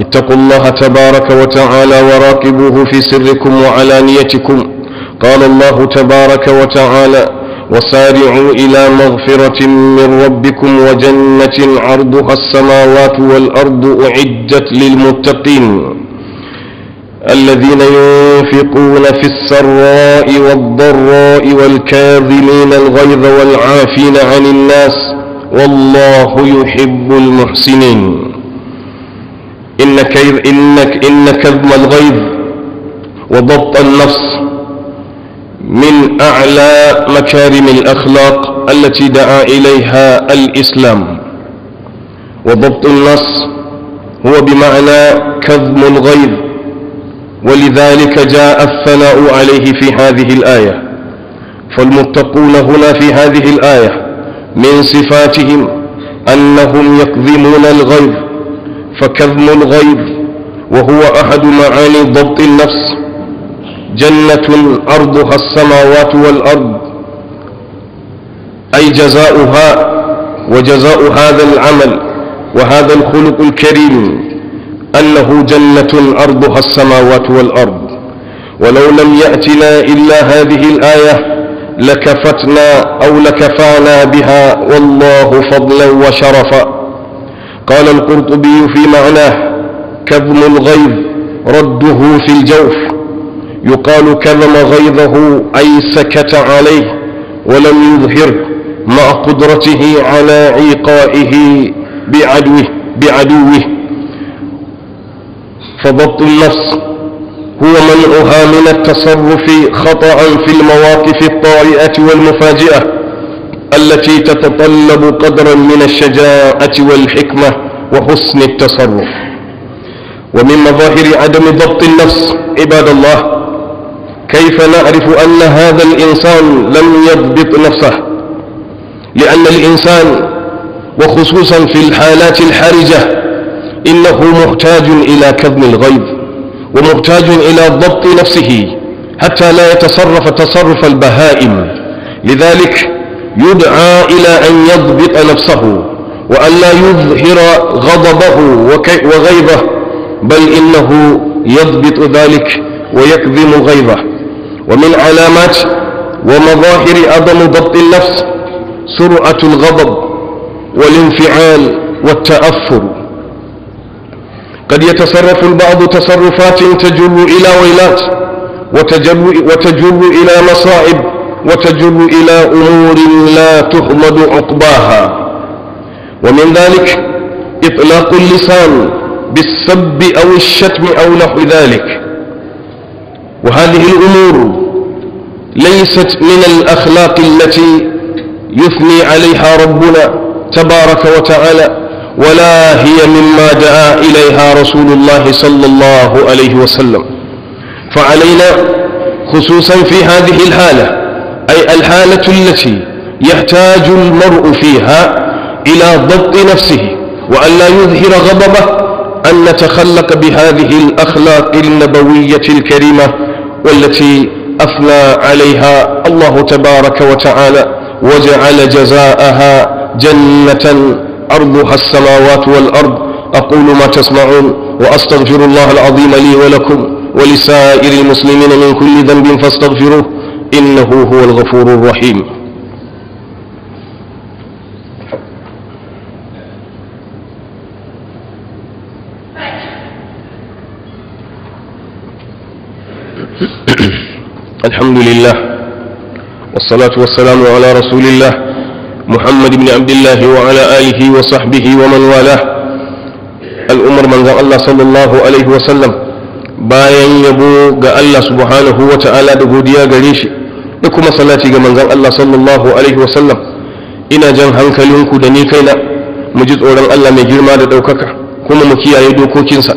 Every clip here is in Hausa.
اتقوا الله تبارك وتعالى وراقبوه في سركم وعلانيتكم قال الله تبارك وتعالى وسارعوا إلى مغفرة من ربكم وجنة عرضها السماوات والأرض أعدت للمتقين الذين ينفقون في السراء والضراء والكاظمين الغيظ والعافين عن الناس والله يحب المحسنين إن كيد إنك إن كذب الغيظ وضبط النفس من أعلى مكارم الأخلاق التي دعا إليها الإسلام وضبط النص هو بمعنى كظم الغيظ ولذلك جاء الثناء عليه في هذه الآية فالمتقون هنا في هذه الآية من صفاتهم أنهم يكظمون الغيظ فكظم الغيظ وهو أحد معاني ضبط النفس جنة أرضها السماوات والأرض أي جزاؤها وجزاء هذا العمل وهذا الخلق الكريم أنه جنة أرضها السماوات والأرض ولو لم يأتنا إلا هذه الآية لكفتنا أو لكفانا بها والله فضلا وشرفا قال القرطبي في معناه كظم الغيظ رده في الجوف يقال كظم غيظه أي سكت عليه ولم يظهر مع قدرته على عيقائه بعدوه بعدوه فضبط النص هو منعها من التصرف خطأ في المواقف الطارئة والمفاجئة التي تتطلب قدرا من الشجاعة والحكمة وحسن التصرف ومن مظاهر عدم ضبط النفس عباد الله كيف نعرف أن هذا الإنسان لم يضبط نفسه لأن الإنسان وخصوصا في الحالات الحرجة إنه محتاج إلى كظم الغيظ ومحتاج إلى ضبط نفسه حتى لا يتصرف تصرف البهائم لذلك يدعى إلى أن يضبط نفسه وأن لا يظهر غضبه وغيبه بل إنه يضبط ذلك ويكظم غيبه ومن علامات ومظاهر عدم ضبط النفس سرعة الغضب والانفعال والتأثر قد يتصرف البعض تصرفات تجر إلى ويلات وتجر, وتجر إلى مصائب وتجر إلى أمور لا تحمد عقباها ومن ذلك إطلاق اللسان بالسب أو الشتم أو نحو ذلك وهذه الأمور ليست من الأخلاق التي يثني عليها ربنا تبارك وتعالى ولا هي مما دعا إليها رسول الله صلى الله عليه وسلم فعلينا خصوصا في هذه الحالة أي الحالة التي يحتاج المرء فيها إلى ضبط نفسه وأن لا يظهر غضبه أن نتخلق بهذه الأخلاق النبوية الكريمة والتي أثنى عليها الله تبارك وتعالى وجعل جزاءها جنة عرضها السماوات والأرض أقول ما تسمعون وأستغفر الله العظيم لي ولكم ولسائر المسلمين من كل ذنب فاستغفروه إنه هو الغفور الرحيم الحمد لله والصلاة والسلام على رسول الله محمد بن عبد الله وعلى آله وصحبه ومن والاه الأمر من ذا الله صلى الله عليه وسلم باين يبو قال الله سبحانه وتعالى دهوديا قريشي da kuma salati ga manzon Allah sallallahu alaihi wasallam ina jan hankalinku da ni kaina mu ji tsoron Allah mai girma da ɗaukaka kuma mu kiyaye dokokinsa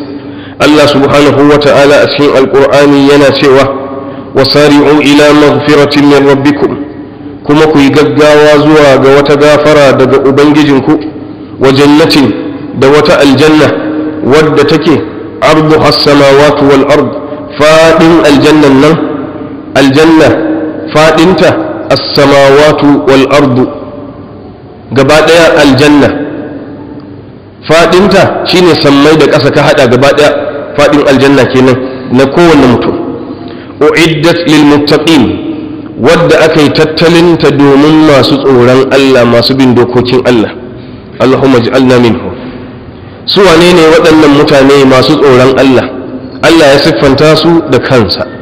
Allah subhanahu wa ta'ala a cikin alƙur'ani yana cewa wasari'u ila maghfiratin min rabbikum kuma ku yi gaggawa zuwa ga wata gafara daga ubangijinku wa jannatin da wata aljanna wadda take ardu has samawati wal ard fadin aljannan nan aljanna faɗinta as-samawatu wal ardu gaba ɗaya aljanna faɗinta shine sammai da ƙasa ka haɗa gaba ɗaya faɗin aljanna kenan na kowane mutum u'iddat lil muttaqin wadda aka yi tattalinta domin masu tsoron Allah masu bin dokokin Allah Allahumma ij'alna minhu su wane ne waɗannan mutane masu tsoron Allah Allah ya siffanta su da kansa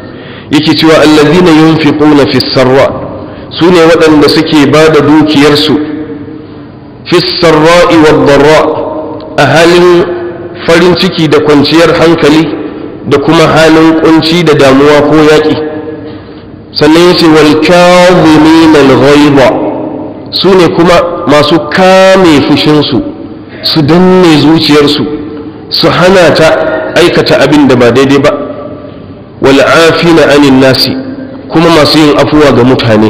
yake cewa allazina yunfiquna fi sarra su ne waɗanda suke ba da dukiyarsu fi sarra'i wa a halin farin ciki da kwanciyar hankali da kuma halin kunci da damuwa ko yaƙi sannan yace wal kadhimin al ghaiba su ne kuma masu kame fushinsu su danne zuciyarsu su hana ta aikata abin da ba daidai ba wal afina anin nasi kuma masu yin afuwa ga mutane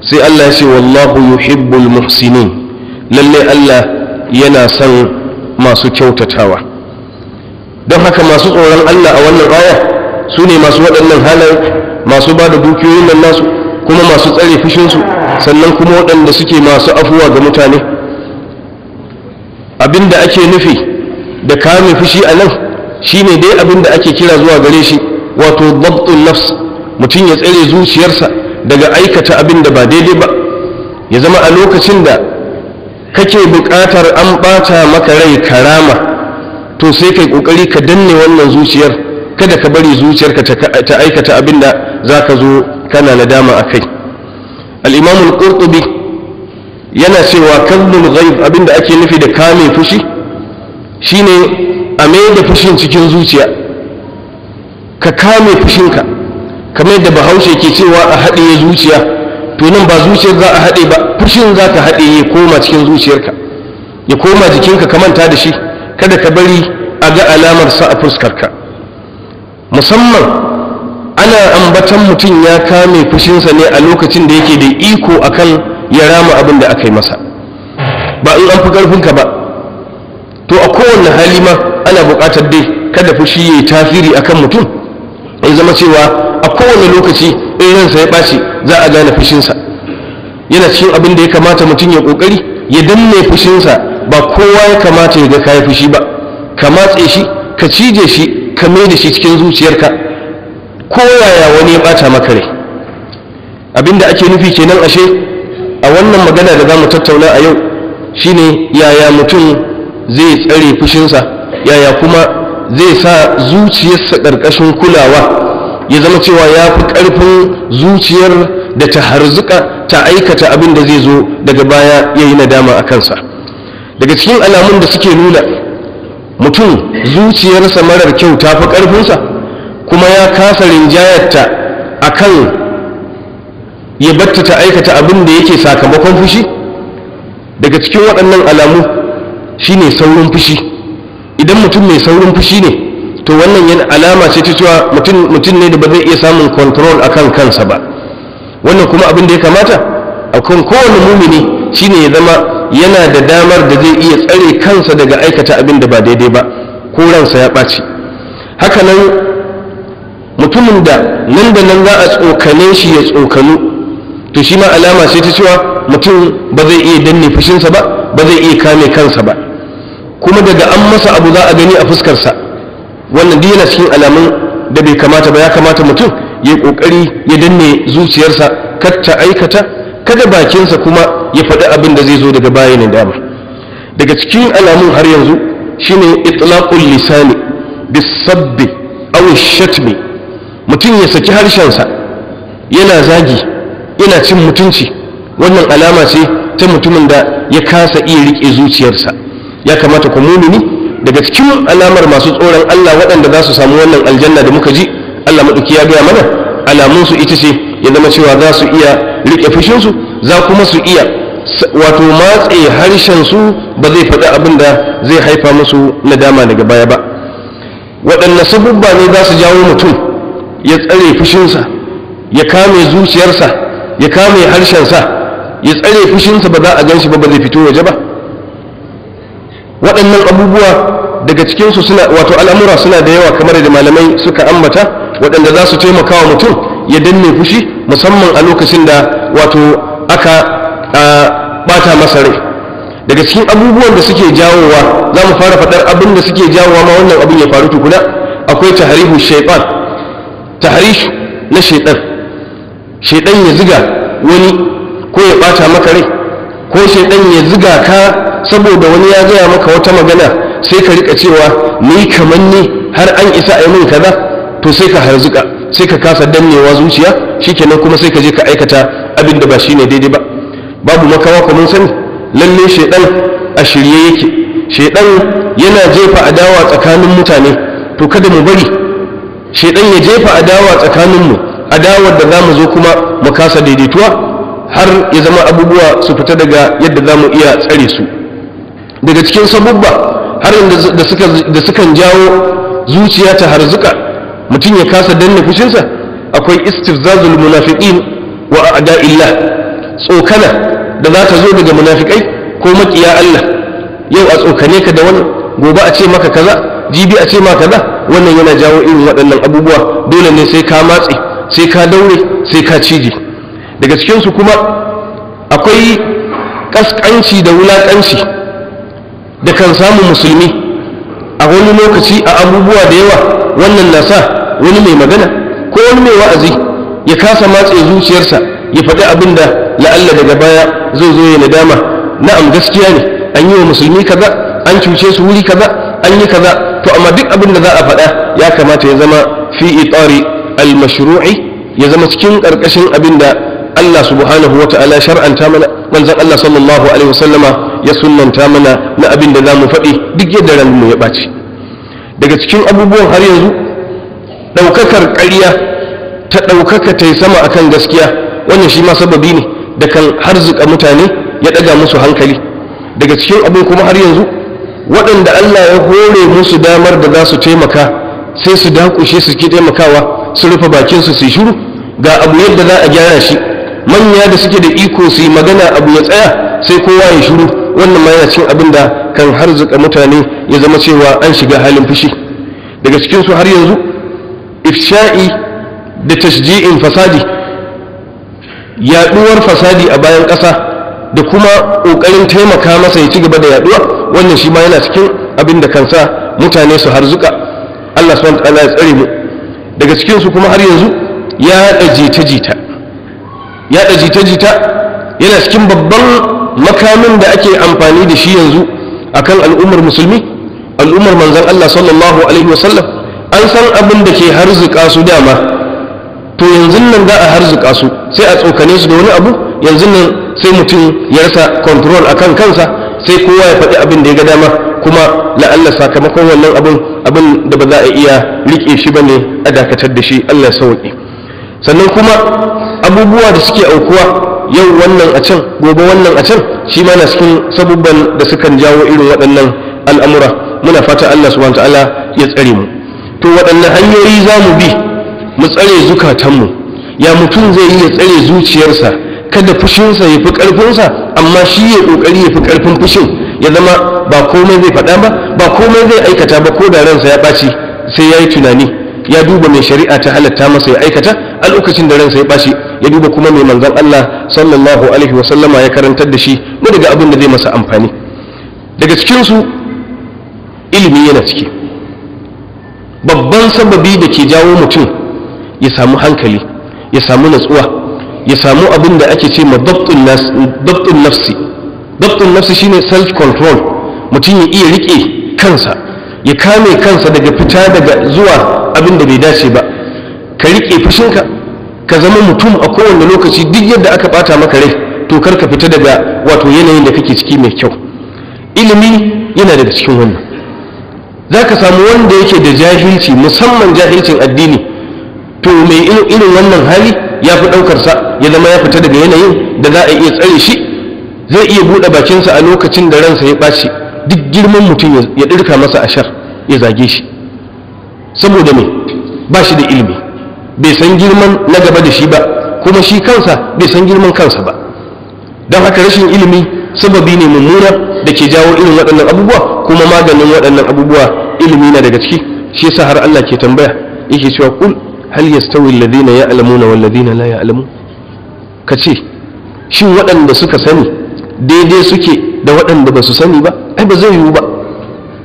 sai Allah ya ce wallahu yuhibbul muhsinin lalle Allah yana son masu kyautatawa don haka masu tsoron Allah a wannan aya su ne masu waɗannan halaye masu ba da dukiyoyin nan nasu kuma masu tsare fushinsu sannan kuma waɗanda suke masu afuwa ga mutane abin da ake nufi da kame fushi a nan shi ne dai abin da ake kira zuwa gare shi wato dabtun nafs mutum ya tsare zuciyarsa daga aikata abin da ba daidai ba ya zama a lokacin da kake buƙatar an ɓata maka rai karama to sai kai ƙoƙari ka danne wannan zuciyar kada ka bari zuciyarka ta aikata abin da za ka zo kana nadama a kai al'imamun ƙurtubi yana cewa kallon ghaib abin da ake nufi da kame fushi shine a mai da fushin cikin zuciya ka kame fushinka kamar yadda bahaushe ke cewa a haɗe zuciya to nan ba zuciyar za a haɗe ba fushin za ka haɗe ya koma cikin zuciyarka ya koma jikinka ka manta da shi kada ka bari a ga alamar sa a fuskarka musamman ana ambatan mutum ya kame fushinsa ne a lokacin da yake da iko akan ya rama abin da aka yi masa ba in an fi ƙarfinka ba to a kowane hali ma ana buƙatar dai kada fushi ya yi tasiri akan mutum ya zama cewa a kowane lokaci in ransa ya ɓaci za a gane fushinsa yana cikin abin da ya kamata mutum ya ƙoƙari ya danne fushinsa ba kowa ya kamata ya ga kayi fushi ba ka matse shi ka cije shi ka mai da shi cikin zuciyarka ko yaya wani ya ɓata maka rai abin da ake nufi kenan ashe a wannan magana da za mu tattauna a yau shine yaya mutum zai tsare fushinsa yaya kuma zai sa zuciyarsa ƙarƙashin kulawa ya zama cewa ya fi ƙarfin zuciyar da ta harzuka ta aikata abin da zai zo daga baya ya yi nadama a kansa daga cikin alamun da suke nuna mutum zuciyarsa marar kyau ta fi ƙarfinsa kuma ya kasa rinjayarta a kan ya batta ta aikata abin da yake sakamakon fushi daga cikin waɗannan alamu shine saurin fushi idan mutum mai saurin fushi ne to wannan yana alama ce ta cewa mutum ne da ba zai iya samun control akan kansa ba wannan kuma abin da ya kamata kan kowane mumini shine ya zama yana da damar da zai iya tsare kansa daga aikata abin da ba daidai ba ko ransa ya ɓaci haka nan mutumin da nan da nan za a tsokane shi ya tsokanu to shi ma alama ce ta cewa mutum ba zai iya danne fushinsa ba ba zai iya kame kansa ba kuma daga an masa abu za a gani a fuskarsa wannan duk yana cikin alamun da bai kamata ba ya kamata mutum ya yi ƙoƙari ya danne zuciyarsa kar ta aikata kada bakinsa kuma ya faɗi abin da zai zo daga da dama daga cikin alamun har yanzu shine itlaqul lisani bisabbi aw shatmi mutum ya saki harshen sa, yana zagi yana cin mutunci wannan alama ce ta mutumin da ya kasa iya riƙe zuciyarsa ya kamata ku mumini daga cikin alamar masu tsoron Allah waɗanda za su samu wannan aljanna da muka ji Allah maɗauki ya gaya mana alamunsu ita ce ya zama cewa za su iya riƙe fushinsu za kuma su iya wato matse harshensu ba zai faɗi abin da zai haifa musu nadama daga baya ba waɗanne sabubba ne za su jawo mutum ya tsare fushinsa ya kame zuciyarsa ya kame harshensa ya tsare fushinsa ba za a gan shi ba ba zai fito waje ba waɗannan abubuwa daga cikinsu suna wato al'amura suna da yawa kamar da malamai suka ambata waɗanda za su taimaka wa mutum ya danne fushi musamman a lokacin da wato aka ɓata masa rai daga cikin abubuwan da suke jawowa za mu fara faɗar abin da suke jawowa ma wannan abin ya faru tukuna akwai tahrihu shaytan na shaytan shaytan ya ziga wani ko ya bata maka rai ko shaidan ya ziga ka saboda wani ya gaya maka wata magana sai ka rika cewa ni kaman ni har an isa a yi min kaza to sai ka harzuka sai ka kasa dannewa zuciya shikenan kuma sai ka je ka aikata abin da ba shine daidai ba babu makawa ku mun sani lalle shaidan a shirye yake shaidan yana jefa adawa tsakanin mutane to kada mu bari shaidan ya jefa adawa tsakaninmu adawar da zamu zo kuma mu kasa daidaituwa har ya zama abubuwa su fita daga yadda za mu iya tsare su daga cikin sabubba har da sukan jawo zuciya ta harzuka mutum ya kasa danna fushinsa akwai istifzazul munafiqin wa a'da'illah tsokana da za ta zo daga munafikai ko maƙiya Allah yau a tsokane ka da wani, gobe a ce maka kaza jibi a ce maka kaza wannan yana jawo irin waɗannan abubuwa dole ne sai ka matse sai ka daure sai ka cije daga cikinsu kuma akwai ƙasƙanci da wulakanci da kan samu musulmi a wani lokaci a abubuwa da yawa wannan na sa wani mai magana ko wani mai wa'azi ya kasa matse zuciyarsa ya faɗi abin da la'alla daga baya zai zo ya nadama na'am gaskiya ne an yi wa musulmi kaza an cuce su wuri kaza an yi kaza to amma duk abin da za a faɗa ya kamata ya zama fi itari al-mashru'i ya zama cikin ƙarƙashin abin da Allah subhanahu wa ta'ala shar'anta mana manzon Allah sallallahu alaihi wasallama ya sunnanta mana na abin da zamu faɗi duk yadda ran mu ya ɓaci daga cikin abubuwan har yanzu ɗaukakar ƙarya ta ɗaukaka ta sama akan gaskiya wannan shi ma sababi ne da kan harzuka mutane ya ɗaga musu hankali daga cikin abin kuma har yanzu waɗanda Allah ya hore musu damar da za su taimaka sai su dakushe su ki taimakawa su rufe bakinsu su shiru ga abu yadda za a gyara shi manya da suke da iko su yi magana abu ya tsaya sai kowa ya shiru wannan ma yana cikin abin da kan harzuka mutane ya zama cewa an shiga halin fushi daga cikin su har yanzu ifsha'i da tashji'in fasadi yaduwar fasadi a bayan kasa da kuma ƙoƙarin taimaka masa ya ci gaba da yaduwa wannan shi ma yana cikin abin da kansa mutane su harzuka Allah subhanahu wa ta'ala ya tsare mu daga cikin su kuma har yanzu ya jita jita yaɗa jita-jita yana cikin babban makamin da ake amfani da shi yanzu a kan al'ummar musulmi al'ummar manzan Allah sallallahu alaihi wasallam an san abin da ke harzuka su dama to yanzu nan za a harzuka su sai a tsokane su da wani abu yanzu nan sai mutum ya rasa control akan kansa sai kowa ya faɗi abin da ya ga dama kuma la'alla sakamakon wannan abin abin da ba za a iya riƙe shi ba ne a dakatar da shi Allah ya sauƙi sannan kuma abubuwa da suke aukuwa yau wannan a can gobe wannan a can shi ma na cikin sabubban da sukan jawo irin waɗannan al'amura muna fata Allah subhanahu ta'ala ya tsare mu to waɗannan hanyoyi za mu bi mu tsare zukatanmu ya mutum zai yi ya tsare zuciyarsa kada fushinsa ya fi ƙarfinsa amma shi ya ƙoƙari ya fi ƙarfin fushin ya zama ba komai zai faɗa ba ba komai zai aikata ba ko da ransa ya ɓaci sai ya yi tunani ya duba mai shari'a ta halatta masa ya aikata a lokacin da ransa ya bashi ya duba kuma mai manzon Allah sallallahu alaihi wasallama ya karantar da shi na daga abin da zai masa amfani daga cikin su ilimi yana ciki babban sababi da ke jawo mutum ya samu hankali ya samu natsuwa ya samu abin da ake ce ma dabtun nafsi dabtun nafsi shine self control mutum ya iya rike kansa ya kame kansa daga fita daga zuwa abin da bai dace ba ka riƙe fushinka ka zama mutum a kowane lokaci duk yadda aka ɓata maka rai to kar ka fita daga wato yanayin da kake ciki mai kyau ilimi yana daga cikin wannan za ka samu wanda yake da jahilci musamman jahilcin addini to mai irin wannan hali ya fi ɗaukarsa ya zama ya fita daga yanayin da za a iya tsare shi zai iya buɗe bakinsa a lokacin da ransa ya ɓaci duk girman mutum ya ɗirka masa ashar ya zage shi saboda me ba shi da ilimi bai san girman na gaba da shi ba kuma shi kansa bai san girman kansa ba don haka rashin ilimi sababi ne mummuna da ke jawo irin waɗannan abubuwa kuma maganin waɗannan abubuwa ilimi na daga ciki shi yasa har Allah ke tambaya yake cewa kul hal yastawi alladhina ya'lamuna wal ladina la ya'lamun kace shin waɗanda suka sani daidai suke da waɗanda ba su sani ba ai ba zai yiwu ba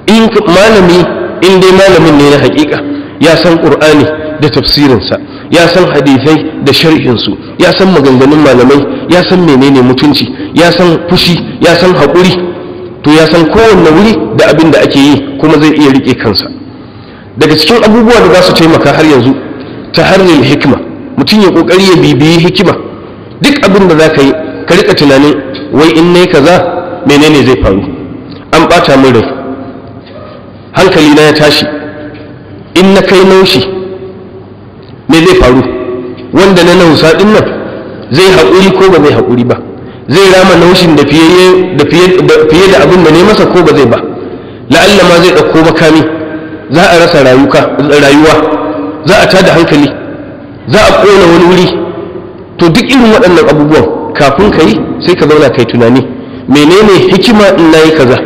in malami in dai malamin ne na haƙiƙa ya san ƙur'ani da tafsirinsa ya san hadithai da sharhinsu ya san maganganun malamai ya san menene mutunci ya san fushi ya san haƙuri to ya san kowanne wuri da abin da ake yi kuma zai iya riƙe kansa daga cikin abubuwa da za su taimaka har yanzu ta harin hikima mutum ya ƙoƙari ya bibiyi hikima duk abin da za ka yi ka riƙa tunanin wai in ne kaza menene zai faru an ɓata min rai hankali na ya tashi in na kai naushi me zai faru wanda na nausa din nan zai haƙuri ko ba zai haƙuri ba zai rama naushin da fiye da abin da ne masa ko ba zai ba la'alla ma zai ɗauko makami za a rasa rayuwa za a da hankali za a ƙona wani wuri to duk irin waɗannan abubuwan kafin ka yi sai ka zauna kai tunani menene hikima in na yi kaza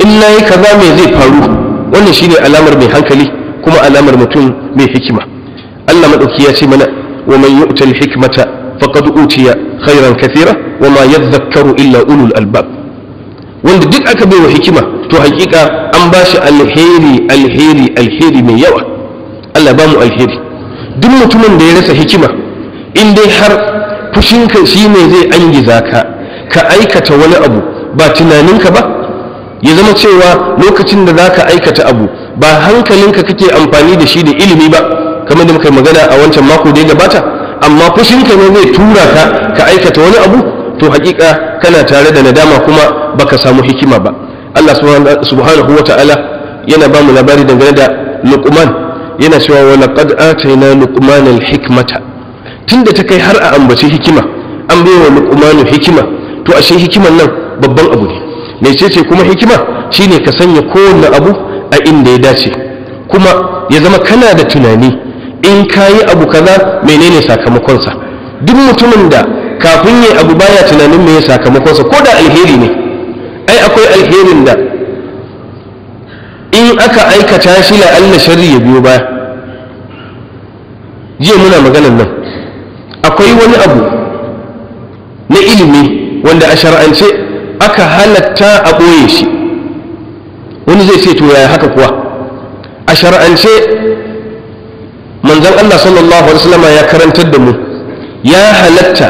in na yi kaza me zai faru wannan shine alamar mai hankali kuma alamar mutum mai hikima Allah madauki ya ce mana wa man yu'ta al-hikmata faqad utiya khayran kathira wa ma yadhakkaru illa ulul albab wanda duk aka bai wa hikima to hakika an ba shi alheri alheri alheri mai yawa Allah ba mu alheri duk mutumin da ya rasa hikima in dai har fushinka shi ne zai angiza ka ka aikata wani abu ba tunaninka ba ya zama cewa lokacin da zaka aikata abu ba hankalinka kake amfani da shi da ilimi ba kamar da muka magana a wancan mako da ya gabata amma fushinka ne zai tura ka ka aikata wani abu to hakika kana tare da nadama kuma baka samu hikima ba Allah subhanahu wa ta'ala yana ba mu labari dangane da Luqman yana cewa wa laqad atayna Luqman al-hikmata tunda ta kai har a ambaci hikima an bai wa Luqman hikima to ashe hikiman nan babban abu ne Mai mecece kuma hikima shine ka sanya kowane abu a inda ya dace kuma ya zama kana da tunani in ka yi abu kaza menene sakamakonsa duk mutumin da kafin yi abu baya tunanin me sakamakonsa ko da alheri ne ai akwai alherin da in aka aikata shi la'alla sharri ya biyo baya jiya muna maganar nan akwai wani abu na ilimi wanda a shara'ance. aka halatta a ɓoye shi wani zai ce to yaya haka kuwa a shara'ance Manzan Allah sallallahu alaihi wasallama ya karantar da mu ya halatta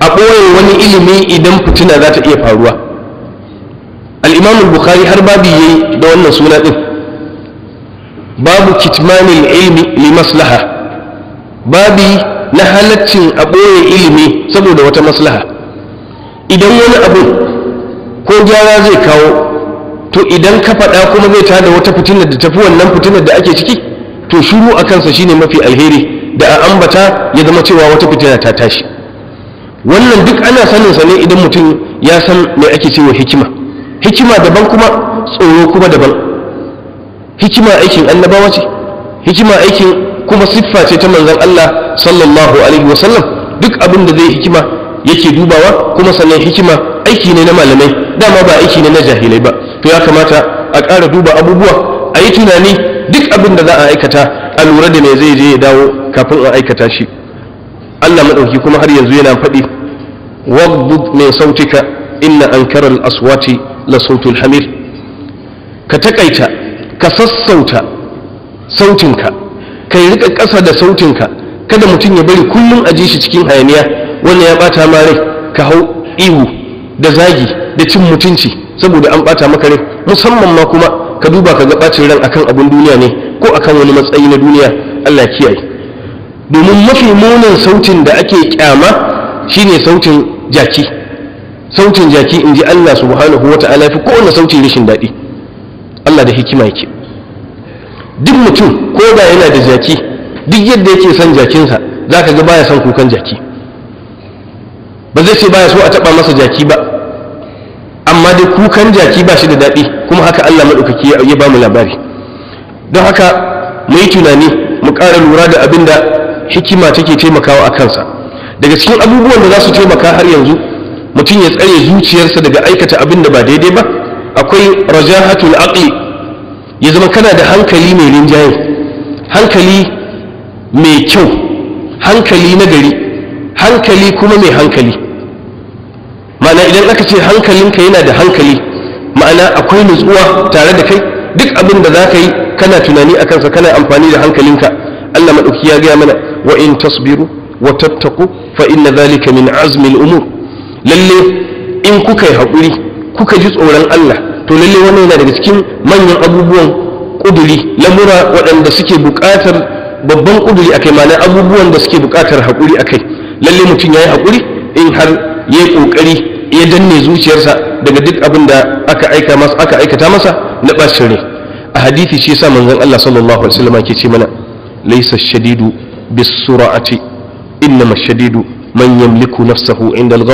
a ɓoye wani ilimi idan fitina za ta iya faruwa al bukari har babu yi da wannan suna ɗin. babu kitmanin ilmi li maslaha babi na halaccin a ɓoye ilimi saboda wata maslaha idan wani abu ko gyara zai kawo to idan ka faɗa kuma zai tada wata fitinar da tafi wannan fitinar da ake ciki to shuru a kansa shine mafi alheri da a ambata ya zama cewa wata fitina ta tashi wannan duk ana sanin sa ne idan mutum ya san me ake cewa hikima hikima daban kuma tsoro kuma daban hikima aikin annabawa ce hikima aikin kuma siffa ce ta manzon Allah sallallahu alaihi wasallam duk abin da zai hikima yake dubawa kuma sannan hikima aiki ne na malamai dama ba aiki ne na jahilai ba to ya kamata a ƙara duba abubuwa a yi tunani duk abin da za a aikata a lura da mai zai je ya dawo kafin a aikata shi Allah maɗauki kuma har yanzu yana faɗi wagbud mai sautika inna ankarar aswati la sautul hamir ka taƙaita ka sassauta sautinka ka yi riƙa ƙasa da sautinka kada mutum ya bari kullum a ji shi cikin hayaniya wannan ya bata ma rai ka hau ihu da zagi da cin mutunci saboda an bata maka rai musamman ma kuma ka duba ka ga bacin ran akan abin duniya ne ko akan wani matsayi na duniya Allah ya kiyaye domin mafi munin sautin da ake kyama shine sautin jaki sautin jaki in ji Allah subhanahu wa ta'ala fi kowane sautin rashin daɗi Allah da hikima yake duk mutum ko da yana da jaki duk yadda yake son jakinsa za ka ga baya son kukan jaki ba zai ce baya so a taɓa masa jaki ba amma dai kukan jaki ba shi da daɗi kuma haka Allah maɗaukaki ya ba mu labari don haka mu yi tunani mu ƙara lura da abin da hikima take taimakawa a kansa daga cikin abubuwan da za su taimaka har yanzu mutum ya tsare zuciyarsa daga aikata abin da ba daidai ba akwai rajahatul aqli ya zama kana da hankali mai rinjaye hankali mai kyau hankali na gari hankali kuma mai hankali ma'ana idan aka ce hankalinka yana da hankali ma'ana akwai nutsuwa tare da kai duk abin da za ka yi kana tunani a kansa kana amfani da hankalinka allah maɗauki ya gaya mana wa in tasbiru wa tattaku fa inna zalika min azmin umur lalle in kuka yi haƙuri kuka ji tsoron allah to lalle wannan yana daga cikin manyan abubuwan ƙuduri lamura waɗanda suke buƙatar babban ƙuduri a kai ma'ana abubuwan da suke buƙatar haƙuri a kai lalle mutum ya yi haƙuri in har ya yi ƙoƙari ya danne zuciyarsa daga duk abin da aka aika masa aka aikata masa na ɓacin rai a hadithi shi yasa manzon Allah sallallahu alaihi wasallam ke ce mana laysa shadidu bis Inna mashadidu man yamliku nafsahu inda al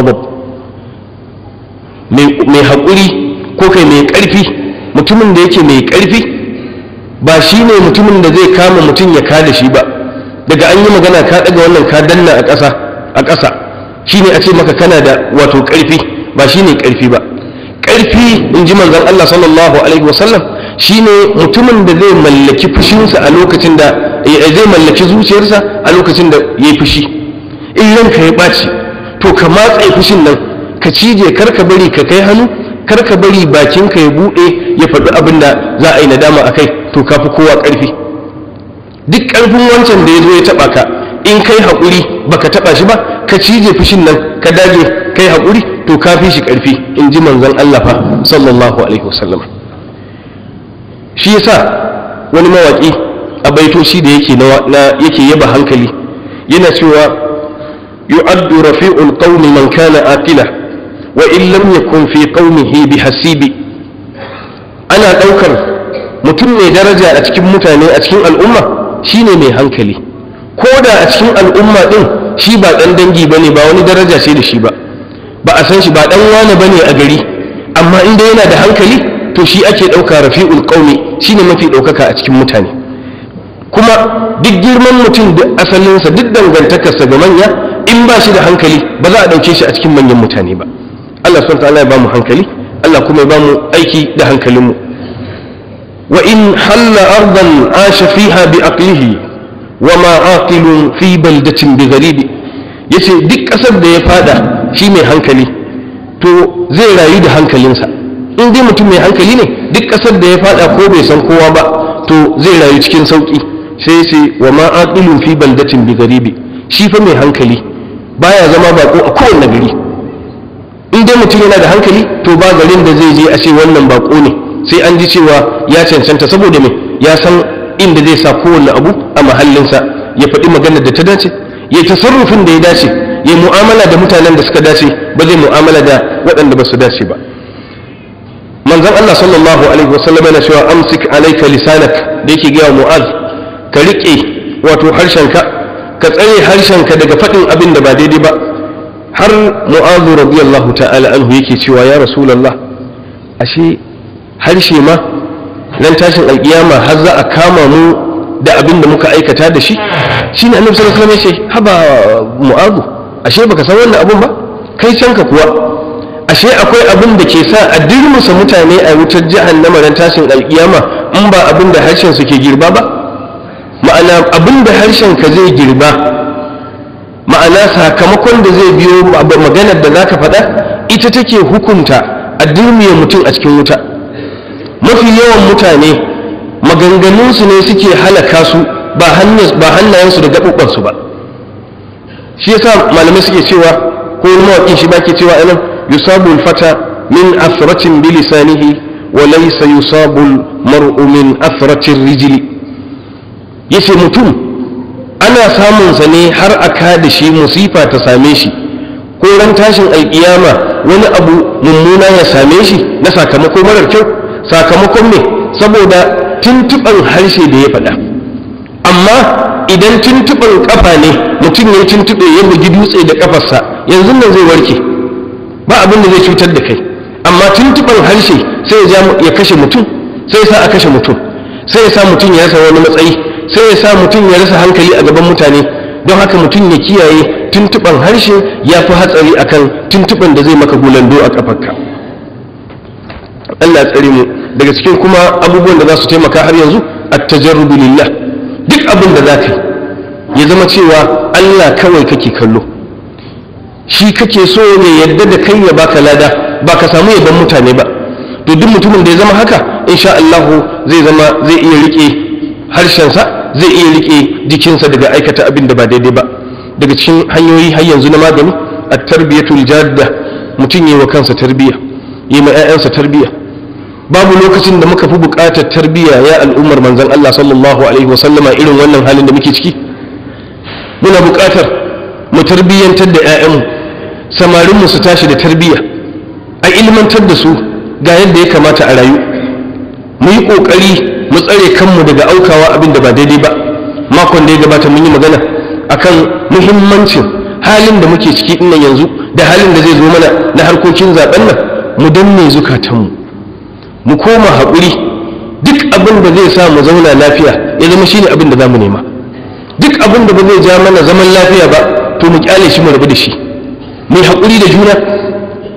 mai haƙuri ko kai mai ƙarfi mutumin da yake mai ƙarfi ba shi ne mutumin da zai kama mutum ya kada shi ba daga an yi magana ka ɗaga wannan ka danna a ƙasa a ƙasa shi ne a ce maka kana da wato ƙarfi ba shi ne ƙarfi ba ƙarfi in ji manzan Allah sallallahu alaihi wasallam shine mutumin da zai mallaki fushinsa a lokacin da ya zai mallaki zuciyarsa a lokacin da ya yi fushi in ka ya ɓaci to ka matsa fushin nan ka cije kar ka bari ka kai hannu kar ka bari bakinka ya buɗe ya faɗi abin da za a yi nadama a kai to ka fi kowa ƙarfi duk ƙarfin wancan da ya zo ya taɓa ka in kai haƙuri baka taɓa shi ba ka cije fushin nan ka dage kai haƙuri to ka fi shi ƙarfi in ji manzon Allah fa sallallahu alaihi wasallam shi yasa wani mawaƙi a baitoci da yake na yake yaba hankali yana cewa yu'addu rafi'ul qawmi man kana aqila wa in lam yakun fi qawmihi bihasibi ana ɗaukar mutum mai daraja a cikin mutane a cikin al'umma shine mai hankali ko da a cikin al'umma ɗin shi ba ɗan dangi ba ne ba wani daraja ce da shi ba ba a san shi ba ɗan wane ba ne a gari amma in dai yana da hankali to shi ake ɗauka rafi'ul ƙauni shi ne mafi ɗaukaka a cikin mutane kuma duk girman mutum da asalinsa duk dangantakarsa ga manya in ba shi da hankali ba za a ɗauke shi a cikin manyan mutane ba Allah subhanahu ta'ala ya ba mu hankali Allah kuma ya ba mu aiki da hankalinmu wa in halla ardan asha fiha bi aqlihi wa aqilun fi baldatin bi gharibi yace duk kasar da ya fada shi mai hankali to zai rayu da hankalinsa in dai mutum mai hankali ne duk kasar da ya fada ko bai san kowa ba to zai rayu cikin sauki sai sai wa aqilun fi baldatin bi gharibi shi fa mai hankali baya zama bako a kowane gari in dai mutum yana da hankali to ba garin da zai je a ce wannan bako ne sai an ji cewa ya cancanta saboda me ya san inda zai sa kowanne abu a mahallinsa ya faɗi maganar da ta dace ya yi tasarrufin da ya dace ya yi mu'amala da mutanen da suka dace ba zai mu'amala da waɗanda ba su dace ba manzon Allah sallallahu alaihi wa sallam yana cewa amsik alaika lisanak da yake gaya mu'az ka riƙe wato harshen ka ka tsare ka daga faɗin abin da ba daidai ba har mu'azu radiyallahu ta'ala anhu yake cewa ya rasulullah ashe harshe ma nan tashin alkiyama har za a kama mu da abin da muka aikata da shi shi ne annabi sallallahu alaihi wasallam ya ce haba mu'azu ashe baka san wannan abun ba kai can ka kuwa ashe akwai abin da ke sa a dirmusa mutane a wutar jahannama nan tashin alkiyama in ba abin da harshen su ke girba ba ma'ana abin da harshen ka zai girba ma'ana sakamakon da zai biyo maganar da zaka faɗa ita take hukunta a dirmiya mutum a cikin wuta mafi yawan mutane maganganunsu ne suke halaka su ba hannayensu da gaɓuɓansu ba shi yasa malamai suke cewa ko wani mawaƙin shi ba ke cewa anan yusabul fata min asratin bilisanihi wa laysa yusabul mar'u min asratin rijili yace mutum ana samun sa ne har aka da shi musifa ta same shi ko ran tashin alƙiyama wani abu mummuna ya same shi na sakamako marar kyau sakamakon me saboda tuntuɓan harshe da ya faɗa amma idan tuntuɓan ƙafa ne mutum ya tuntuɓe ya bugi dutse da ƙafarsa yanzu nan zai warke ba abin da zai cutar da kai amma tuntuɓar harshe sai ya kashe mutum sai ya sa a kashe mutum sai ya sa mutum ya rasa wani matsayi sai ya sa mutum ya rasa hankali a gaban mutane don haka mutum ya kiyaye tuntuɓan harshe ya fi hatsari akan tuntuɓan da zai maka gulando a ƙafarka Allah ya tsare mu daga cikin kuma abubuwan da za su taimaka har yanzu at-tajarrubu lillah duk abin da za yi ya zama cewa Allah kawai kake kallo shi kake so ne yadda da kai ya baka lada ba ka samu yaban mutane ba to duk mutumin da ya zama haka insha Allah zai zama zai iya rike harshensa zai iya rike jikinsa daga aikata abin da ba daidai ba daga cikin hanyoyi har yanzu na magani at-tarbiyatul jadda mutum yi wa kansa tarbiya yi ma 'ya'yansa tarbiyya. babu lokacin da muka fi buƙatar tarbiyya ya al'ummar manzon Allah sallallahu alaihi wasallama irin wannan halin da muke ciki muna buƙatar mu tarbiyyantar da 'ya'yanmu samarinmu su tashi da tarbiyya a ilmantar da su ga yadda ya kamata a rayu mu yi ƙoƙari mu tsare kanmu daga aukawa abin da ba daidai ba makon da ya gabata mun yi magana akan muhimmancin halin da muke ciki ɗin yanzu da halin da zai zo mana na harkokin zaben nan mu danne zukatanmu mu koma haƙuri duk abin da zai sa mu zauna lafiya ya zama shine abin da zamu nema duk abin da ba zai ja mana zaman lafiya ba to mu kyale shi mu rabu da shi mu haƙuri da juna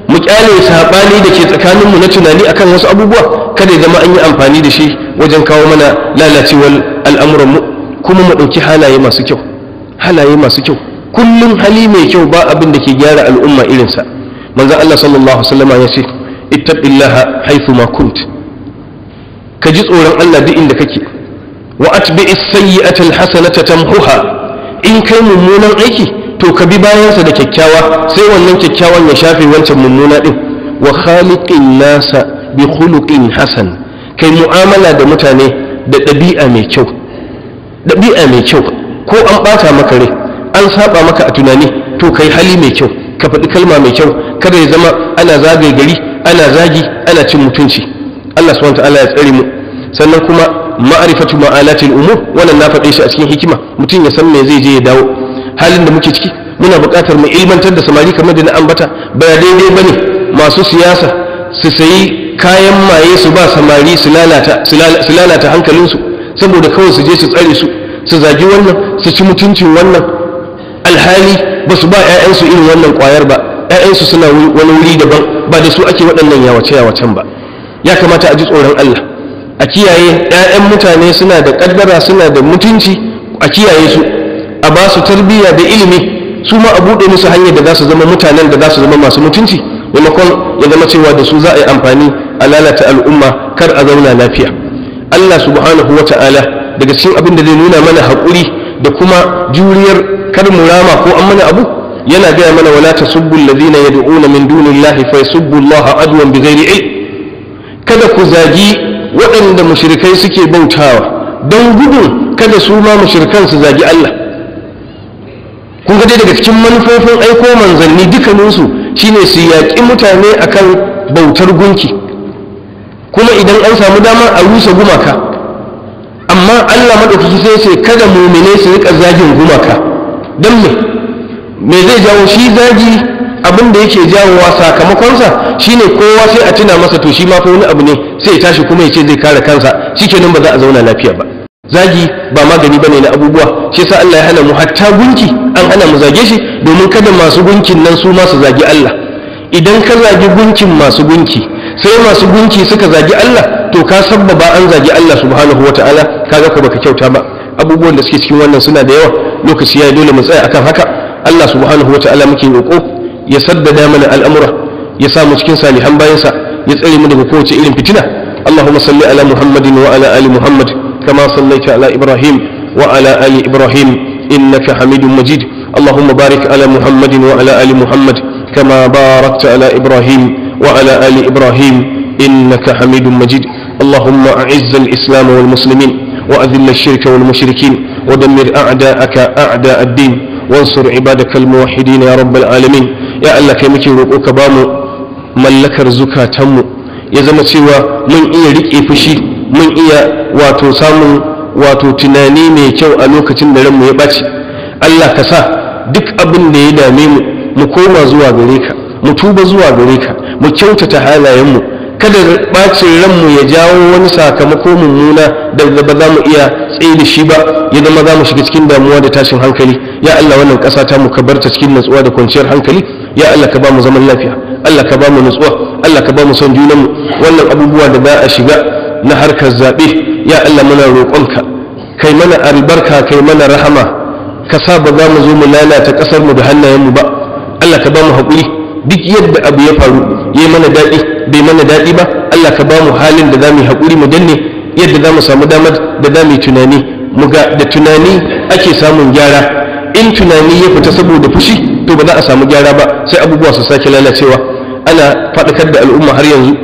mu kyale saɓani da ke tsakanin mu na tunani akan wasu abubuwa kada ya zama an yi amfani da shi wajen kawo mana lalacewar al'amuran mu kuma mu ɗauki halaye masu kyau halaye masu kyau kullum hali mai kyau ba abin da ke gyara al'umma irinsa manzon Allah sallallahu alaihi wasallama ya ce ittaqillaha haythu ma kunt ka ji tsoron Allah duk inda kake wa as sayyi'ata ta tamhuha in kai mummunan aiki to ka bi bayansa da kyakkyawa sai wannan kyakkyawan ya shafe wancan mummuna din wa khaliqin nasa bi khuluqin hasan kai mu'amala da mutane da ɗabi'a mai kyau dabi'a mai kyau ko an ɓata maka rai an saba maka a tunani to kai hali mai kyau ka faɗi kalma mai kyau kada ya zama ana zagaye gari ana zagi ana cin mutunci Allah subhanahu ta'ala ya tsare mu sannan kuma ma'arifatu ma'alatil umur wannan na faɗe shi a cikin hikima mutum ya san me zai je ya dawo halin da muke ciki muna buƙatar mu ilmantar da samari kamar da na ambata ba daidai bane masu siyasa su sayi kayan maye su ba samari su lalata hankalinsu saboda kawai su je su tsare su su zagi wannan su ci mutuncin wannan alhali ba su ba 'ya'yansu irin wannan kwayar ba 'ya'yansu suna wani wuri daban ba da su ake waɗannan yawace yawacen ba ya kamata a ji tsoron Allah a kiyaye 'ya'yan mutane suna da ƙaddara suna da mutunci a kiyaye su a ba su tarbiyya da ilimi su ma a buɗe musu hanyar da za su zama mutanen da za su zama masu mutunci maimakon ya zama cewa da su za a yi amfani a lalata al'umma kar a zauna lafiya Allah subhanahu wa ta'ala daga cikin abin da zai nuna mana haƙuri da kuma juriyar kar mu rama ko an mana abu yana gaya mana wala tasubbu alladhina yad'una min dunillahi fa yasubbu allaha adwan bighairi ilm kada ku zagi waɗanda mushrikai suke bautawa don gudun kada su ma mushrikan su zagi Allah kun ga daga cikin manufofin aiko manzanni dukaninsu shine su yaƙi mutane akan bautar gunki kuma idan an samu dama a rusa gumaka amma Allah maɗaukaki sai ce kada mumine su rika zagin gumaka don me me zai jawo shi zagi abin da yake jawowa sakamakonsa shine kowa sai a tuna masa to shi ma fa wani abu ne sai ya tashi kuma ya ce zai kare kansa shikenan ba za a zauna lafiya ba zagi ba magani ba ne na abubuwa shi yasa Allah ya hana mu hatta gunki an hana mu zage shi domin kada masu gunkin nan su ma su zagi Allah idan ka zagi gunkin masu gunki sai masu gunki suka zagi Allah to ka sabbaba an zagi Allah subhanahu wataala kaga ko baka kyauta ba abubuwan da suke cikin wannan suna da yawa lokaci yayi dole mu tsaya akan haka Allah subhanahu wataala muke roƙo ya saddada mana al'amura ya sa mu cikin salihan bayansa ya tsare mu daga kowace irin fitina Allahumma salli ala Muhammadin wa ala ali Muhammad kama sallaita ala Ibrahim wa ala ali Ibrahim innaka Hamidum Majid Allahumma barik ala Muhammadin wa ala ali Muhammad kama barakta ala Ibrahim وعلى آل إبراهيم إنك حميد مجيد اللهم أعز الإسلام والمسلمين وأذل الشرك والمشركين ودمر أعداءك أعداء الدين وانصر عبادك الموحدين يا رب العالمين يا الله كي muke roƙo ka bamu mallakar zukatanmu ya zama cewa mun iya riƙe fushi mun iya wato samun wato tunani mai kyau a lokacin da ranmu ya ɓaci Allah ka sa duk abin da ya dame mu mu koma zuwa gare ka mu tuba zuwa gare ka mu kyautata halayenmu kada bacin ranmu ya jawo wani sakamako mummuna da ba za mu iya tsaye da shi ba ya zama za mu shiga cikin damuwa da tashin hankali ya Allah wannan ƙasa ta mu ka barta cikin natsuwa da kwanciyar hankali ya Allah ka ba mu zaman lafiya Allah ka ba mu natsuwa Allah ka ba mu son junanmu wannan abubuwa da ba a shiga na harkar zaɓe ya Allah muna roƙonka kai mana albarka kai mana rahama ka sa ba za mu zo mu lalata ƙasarmu da hannayenmu ba Allah ka ba mu haƙuri duk yadda abu ya faru ya mana daɗi bai mana daɗi ba Allah ka ba mu halin da za mu yi haƙuri mu danne yadda za mu samu damar da za mu yi tunani mu ga da tunani ake samun gyara in tunani ya fita saboda fushi to ba za a samu gyara ba sai abubuwa su sake lalacewa ana faɗakar da al'umma har yanzu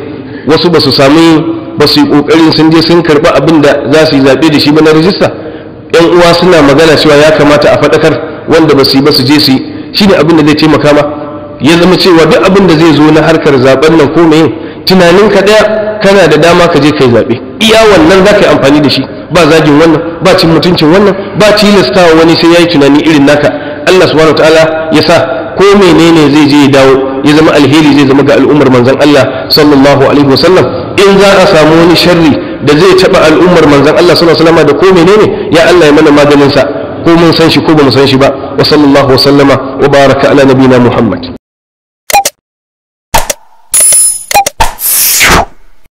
wasu ba su samu ba su yi ƙoƙarin sun je sun karɓi abin da za su yi zaɓe da shi ba na rijista yan uwa suna magana cewa ya kamata a faɗakar wanda ba su yi ba su je su yi shi ne abin da zai taimaka ma ya zama cewa duk abin da zai zo na harkar zaben nan ko meye tunanin ka daya kana da dama ka je kai zabe iya wannan za ka yi amfani da shi ba zagin wannan ba cin mutuncin wannan ba tilastawa wani sai ya yi tunani irin naka Allah subhanahu ya sa ko menene zai je ya dawo ya zama alheri zai zama ga al'ummar manzon Allah sallallahu alaihi wasallam in za a samu wani sharri da zai taba al'ummar manzon Allah sallallahu alaihi wasallam da ko menene ya Allah ya mana maganin sa ko mun san shi ko ba mu san shi ba wa sallallahu wa sallama wa baraka ala nabina muhammad